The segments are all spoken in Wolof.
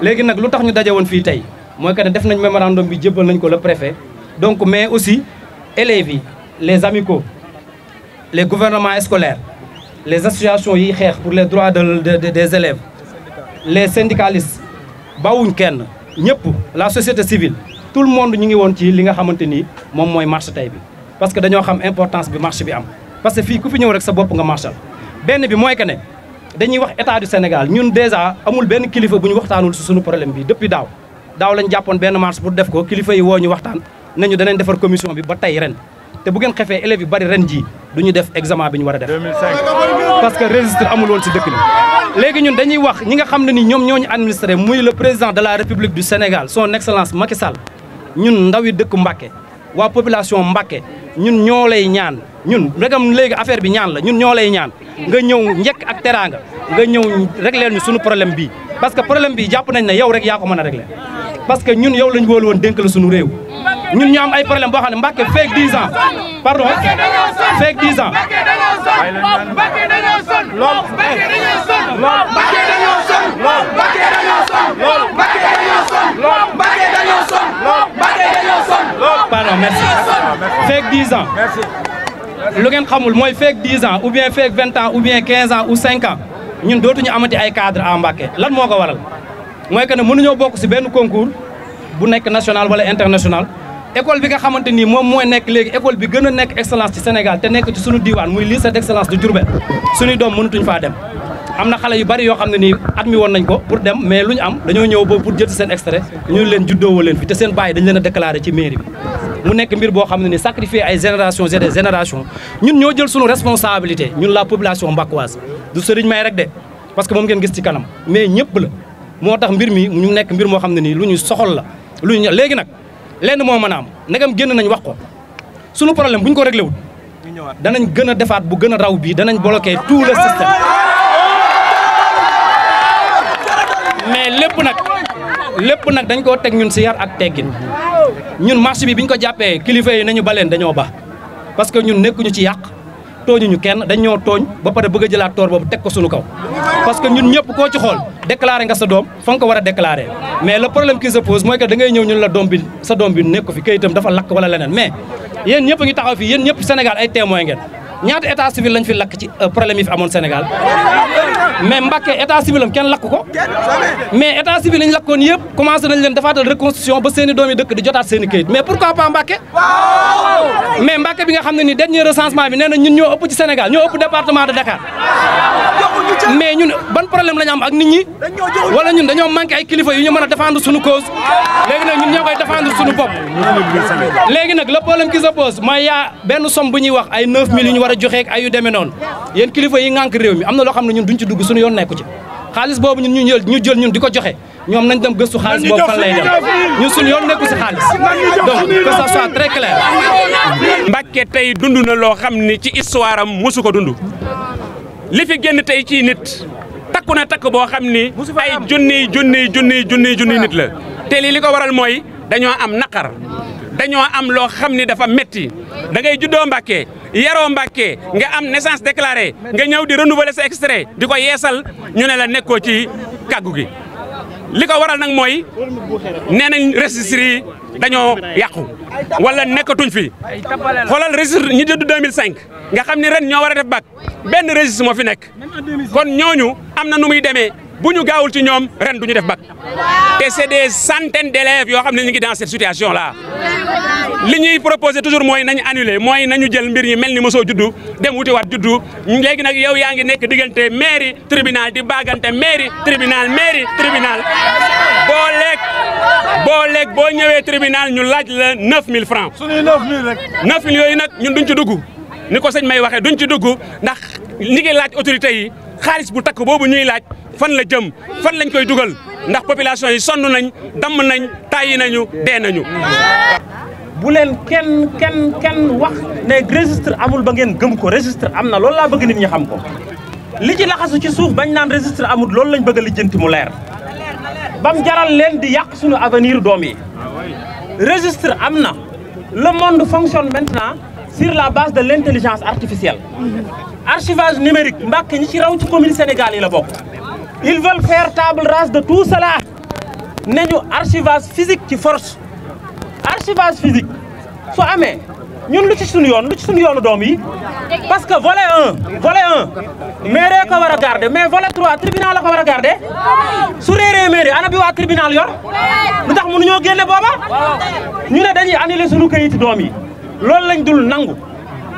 léegi nag lu tax ñu daje woon fii tey mooy que ne def nañ mémorandum bi jébbal nañ ko la préfet donc mais aussi élèves yi les amicaux les gouvernements scolaires les associations yi xeex pour les droits de, de, de des élèves les syndicalistes bawuñ kenn ñëpp la société civile tout le monde ñu ngi woon ci li nga xamante ni moom mooy marche tey bi parce que dañoo xam importance bi marche bi am parce que fii ku fi ñëw rek sa bopp nga marchal benn bi mooy que ne dañuy wax état du Sénégal ñun déjà amul benn kilifa bu ñu waxtaanul si suñu problème bi depuis daaw daaw lañ jàppoon benn marche pour def ko kilifa yi woo ñu waxtaan nañu danañ defar commission bi ba tey ren te bu ngeen xefee élèves yi bari ren jii du ñu def examen bi ñu war a def parce que registre amul woon si dëkk bi léegi ñun dañuy wax ñi nga xam ne ni ñoom ñoo ñu administré muy le président de la république du Sénégal son excellence Macky Sall ñun ndaw yi dëkk Mbacké population Mbacké ñun ñoo lay ñaan ñun regam léegi affaire bi ñaan la ñun ñoo lay ñaan nga ñëw njëkk ak teraanga nga ñëw régleel ñu suñu problème bii parce que problème bi jàpp nañ ne yow rek yaa ko mën a réglé parce que ñun yow lañ wóolu woon dénk la suñu réew ñun ñu am ay problème boo xam ne Mbacke feek 10 ans pardon feek 10 ans pardon merci feek 10 ans lu ngeen xamul mooy feek 10 ans ou bien feek 20 ans ou bien 15 ans ou 5 ans ñun dootuñu amati ay cadre à Mbacké lan moo ko waral mooy que ne mënuñoo bokk si benn concours bu nekk national wala international école bi nga xamante nii moom mooy nekk léegi école bi gën a nekk excellence ci Sénégal te nekk ci suñu diwaan muy lycée d'excellence de Diourbel suñuy doom mënatuñ faa dem am na xale yu bari yoo xam ne nii at mi woon nañ ko pour dem mais lu ñu am dañoo ñëw boobu pour jël seen extrait ñu leen juddoo woo leen fi te seen bàyyi dañ leen a déclaré ci mairie mu nekk mbir boo xam ne ni sacrifier ay génération et des génération ñun ñoo jël suñu responsabilité ñun la population mbackoise du Serigne May rek de parce que moom ngeen gis ci kanam mais ñëpp la moo tax mbir mi ñu nekk mbir moo xam ne nii lu ñu soxal la lu ñu léegi nag lenn moo mën a am ndegam génn nañ wax ko sunu problème bu ñu ko réglé wul danañ gën a defaat bu gën a raw bii danañ bloqué tout le système mais lépp nag lépp nag dañ koo teg ñun si yar ak teggin ñun marché bi bi ñu ko jàppee kilifa yi nañu baleen dañoo ba parce que ñun nekkuñu ci yàq tooñuñu kenn dañoo tooñ ba pare bëgg jëlaat toor boobu teg ko suñu kaw parce que ñun ñëpp koo ci xool déclaré nga sa doom fa nga ko war a déclaré mais le problème qui se pose mooy que da ngay ñëw ñun la doom bi sa doom bi nekku fi kayitam dafa lakk wala leneen mais yéen ñëpp ngi taxaw fii yéen ñëpp Sénégal ay témoin ngeen ñaata état civil lañ fi lakk ci euh, problème yi fi amoon Sénégal mais Mbacké état civil kenn lakk ko mais état civil yi ñu lakkoon yëpp commencé nañ leen defaatal reconstruction ba seen i doomi dëkk di jotaat seen i kayit mais pourquoi pas Mbacké mais Mbacké bi nga xam ne ni dernier recensement bi nee na ñun ñoo ëpp ci Sénégal ñoo ëpp département de Dakar mais ñun ban problème la am ak nit ñi wala ñun dañoo manqué ay kilifa yu ñu man a défendre suñu cause léegi nag ñun ñoo koy défendre suñu bopp léegi nag le problème qui se pose mooy yaa benn somme bu ñuy wax ay 9000 yu ñu war a joxeek ay yu demee noonu yéen kilifa yi ngànk réew mi am na loo xam ne ñun duñ ci dugg suñu yoon nekku ci xaalis boobu ñun ñu jël ñu jël ñun di ko joxe ñoom nañ dem gëstu xaalis boobu fan lay dem ñun suñu yoon nekku si xaalis donc que ça soit très clair. Mbacké tey dund na loo xam ni ci histoire am mosu ko dund. li fi génn tey ci nit takku na takk boo xam ni ay junniy junniy junniy junniy junniy nit la te li ko waral mooy dañoo am naqar dañoo am loo xam ni dafa metti da ngay juddoo Mbàkke yaroo Mbàkke nga am naissance déclarée nga ñëw di renouveler sa extrait di ko yeesal ñu ne la nekkoo ci kàggu gi li ko waral nag mooy nee nañ dañoo yàqu wala nekkatuñ fi xoolal registre ñi jëdd 2005 nga xam ni ren ñoo war a def bac benn registre moo fi nekk kon ñooñu am na nu muy demee. bu ñu gaawul ci ñoom ren du ñu def bac te c'est des centaines d'élèves yoo xam ne ñu ngi dans cette la là li ñuy proposer toujours mooy nañ annuler mooy nañu jël mbir ñi mel ni mosoo juddu dem wuti waat juddu léegi nag yow yaa ngi nekk diggante mairie tribunal di baagante mairie tribunal mairie tribunal boo lekk boo lekk boo ñëwee tribunal ñu laaj la 9000 francs suñuy 9000 yooyu nag ñun duñ ci dugg ni ko sëñ may waxee duñ ci dugg ndax ñi ngi laaj autorité yi xaalis bu takk boobu ñuy laaj fan la jëm fan lañ koy dugal ndax population yi sonn nañ damm nañ tàyyi nañu dee nañu. bu leen kenn kenn kenn wax ne registre amul ba ngeen gëm ko registre am na loolu laa bëgg nit ñi xam ko. li ci laxasu ci suuf bañ naan registre amul loolu lañ bëgg a lijjanti mu leer bam jaral leen di yàq suñu avenir doom yi registre am na le monde fonctionne maintenant sur la base de l' intelligence artificielle archivage numérique mbàkk ñi ci raw ci commune Sénégal yi la bokk ils veulent faire table rase de tout cela nañu archivage physique ci force archivage physique su amee ñun lu ci suñu yoon lu ci suñu yoonu doom yi parce que volet 1 volet 1 mairie ko war a garder mais volet 3 tribunal a ko war a garder su réeree mairie ana bi waa tribunal yor lu tax mënuñoo génne booba ñu ne dañuy annuler suñu këyiti doom yi loolu lañ dul nangu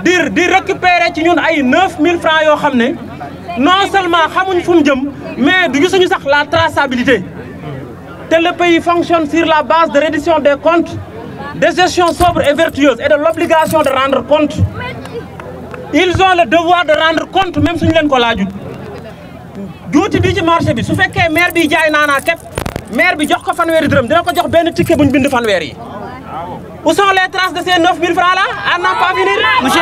di di récupérer ci ñun ay 9000 francs yoo xam ne non seulement xamuñ fu mu jëm mais du ñu suñu sax la traçabilité te le pays fonctionne sur la base de reddition des comptes de gestion sobre et vertueuse et de l'obligation de rendre compte ils ont le devoir de rendre compte même suñ leen ko laajut juuti bii ci marché bi su fekkee maire bi jaay naanaa képp maire bi jox ko fanweeri dërëm dina ko jox benn ticket buñ bind fanweer yi où sont les traces de ces 9000 francs là à n'en pas finir